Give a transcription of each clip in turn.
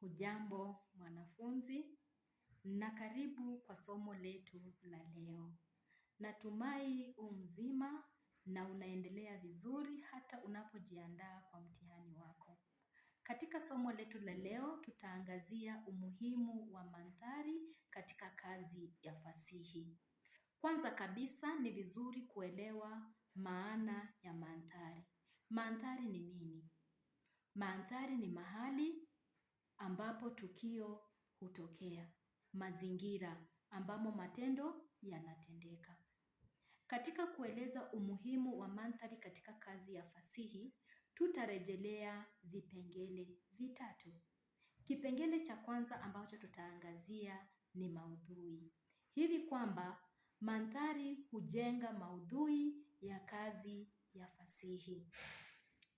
Hujambo mwanafunzi na karibu kwa somo letu la leo. Natumai u mzima na unaendelea vizuri hata unapojiandaa kwa mtihani wako. Katika somo letu la leo tutaangazia umuhimu wa mandhari katika kazi ya fasihi. Kwanza kabisa ni vizuri kuelewa maana ya mandhari. Mandhari ni nini? Mandhari ni mahali ambapo tukio hutokea, mazingira ambamo matendo yanatendeka. Katika kueleza umuhimu wa mandhari katika kazi ya fasihi, tutarejelea vipengele vitatu. Kipengele cha kwanza ambacho tutaangazia ni maudhui, hivi kwamba mandhari hujenga maudhui ya kazi ya fasihi.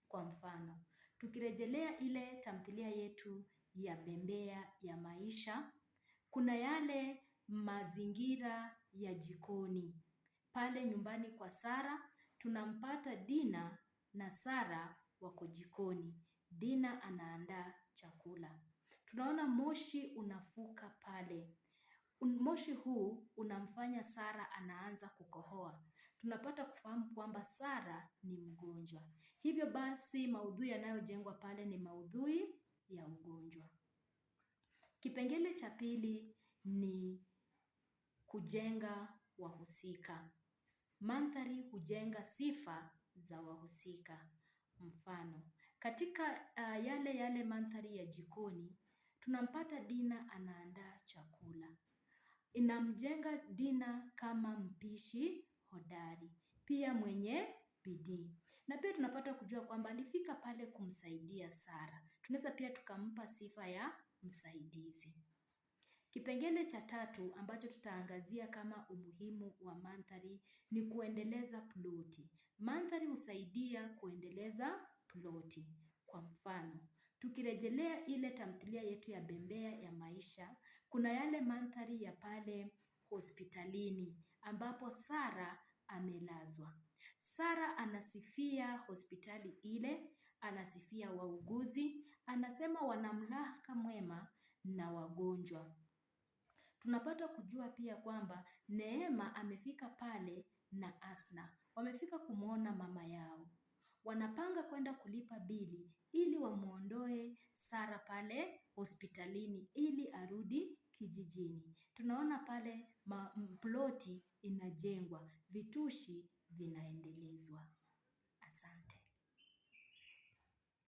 Kwa mfano, tukirejelea ile tamthilia yetu ya bembea ya maisha. Kuna yale mazingira ya jikoni. Pale nyumbani kwa Sara tunampata Dina na Sara wako jikoni. Dina anaandaa chakula. Tunaona moshi unafuka pale. Moshi huu unamfanya Sara anaanza kukohoa. Tunapata kufahamu kwamba Sara ni mgonjwa. Hivyo basi maudhui yanayojengwa pale ni maudhui ya ugonjwa. Kipengele cha pili ni kujenga wahusika. Mandhari hujenga sifa za wahusika. Mfano, katika uh, yale yale mandhari ya jikoni tunampata Dina anaandaa chakula, inamjenga Dina kama mpishi hodari, pia mwenye bidii. Na pia tunapata kujua kwamba alifika pale kumsaidia Sara. Tunaweza pia tukampa sifa ya msaidizi. Kipengele cha tatu ambacho tutaangazia kama umuhimu wa mandhari ni kuendeleza ploti. Mandhari husaidia kuendeleza ploti. Kwa mfano, tukirejelea ile tamthilia yetu ya Bembea ya Maisha, kuna yale mandhari ya pale hospitalini ambapo Sara amelazwa. Sara anasifia hospitali ile, anasifia wauguzi, anasema wana mlaka mwema na wagonjwa. Tunapata kujua pia kwamba Neema amefika pale na Asna wamefika kumwona mama yao, wanapanga kwenda kulipa bili ili wamwondoe Sara pale hospitalini ili arudi kijijini. Tunaona pale ploti inajengwa, vitushi vinaendelezwa. Asante.